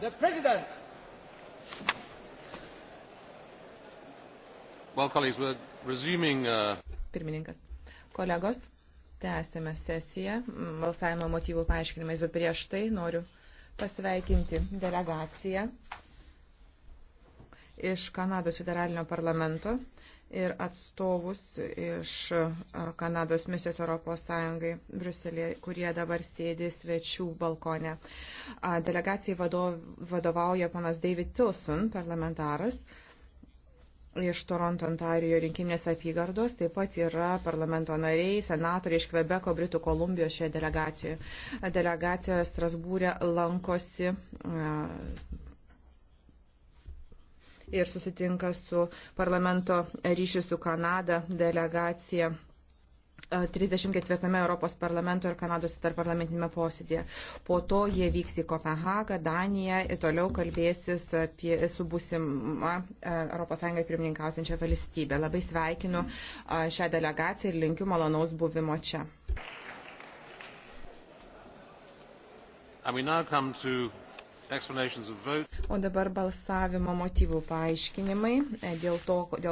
The President. Well, colleagues, we're resuming, uh... Pirmininkas. Kolegos, tęsėme sesiją balsavimo motyvų paaiškinimais, bet prieš tai noriu pasveikinti delegaciją iš Kanados federalinio parlamento ir atstovus iš e, Kanados misijos Europos Sąjungai Bruselėje, kurie dabar sėdi svečių balkone. Delegacijai vadovauja panas David Tilson, parlamentaras iš Toronto, Ontarijo rinkiminės apygardos, taip pat yra parlamento nariai, senatoriai iš Kvebeko, Britų Kolumbijos šioje delegacijoje. Delegacija Strasbūrė lankosi e, ir susitinka su parlamento ryšių su Kanada delegacija 34 e, Europos parlamento ir Kanados tarparlamentinėme posėdėje. Po to jie vyks į Kopenhagą, Daniją ir toliau kalbėsis apie, su būsima ES pirmininkausiančia valstybė. Labai sveikinu e, šią delegaciją ir linkiu malonaus buvimo čia. And we now come to O dabar balsavimo motyvų paaiškinimai e, dėl to, dėl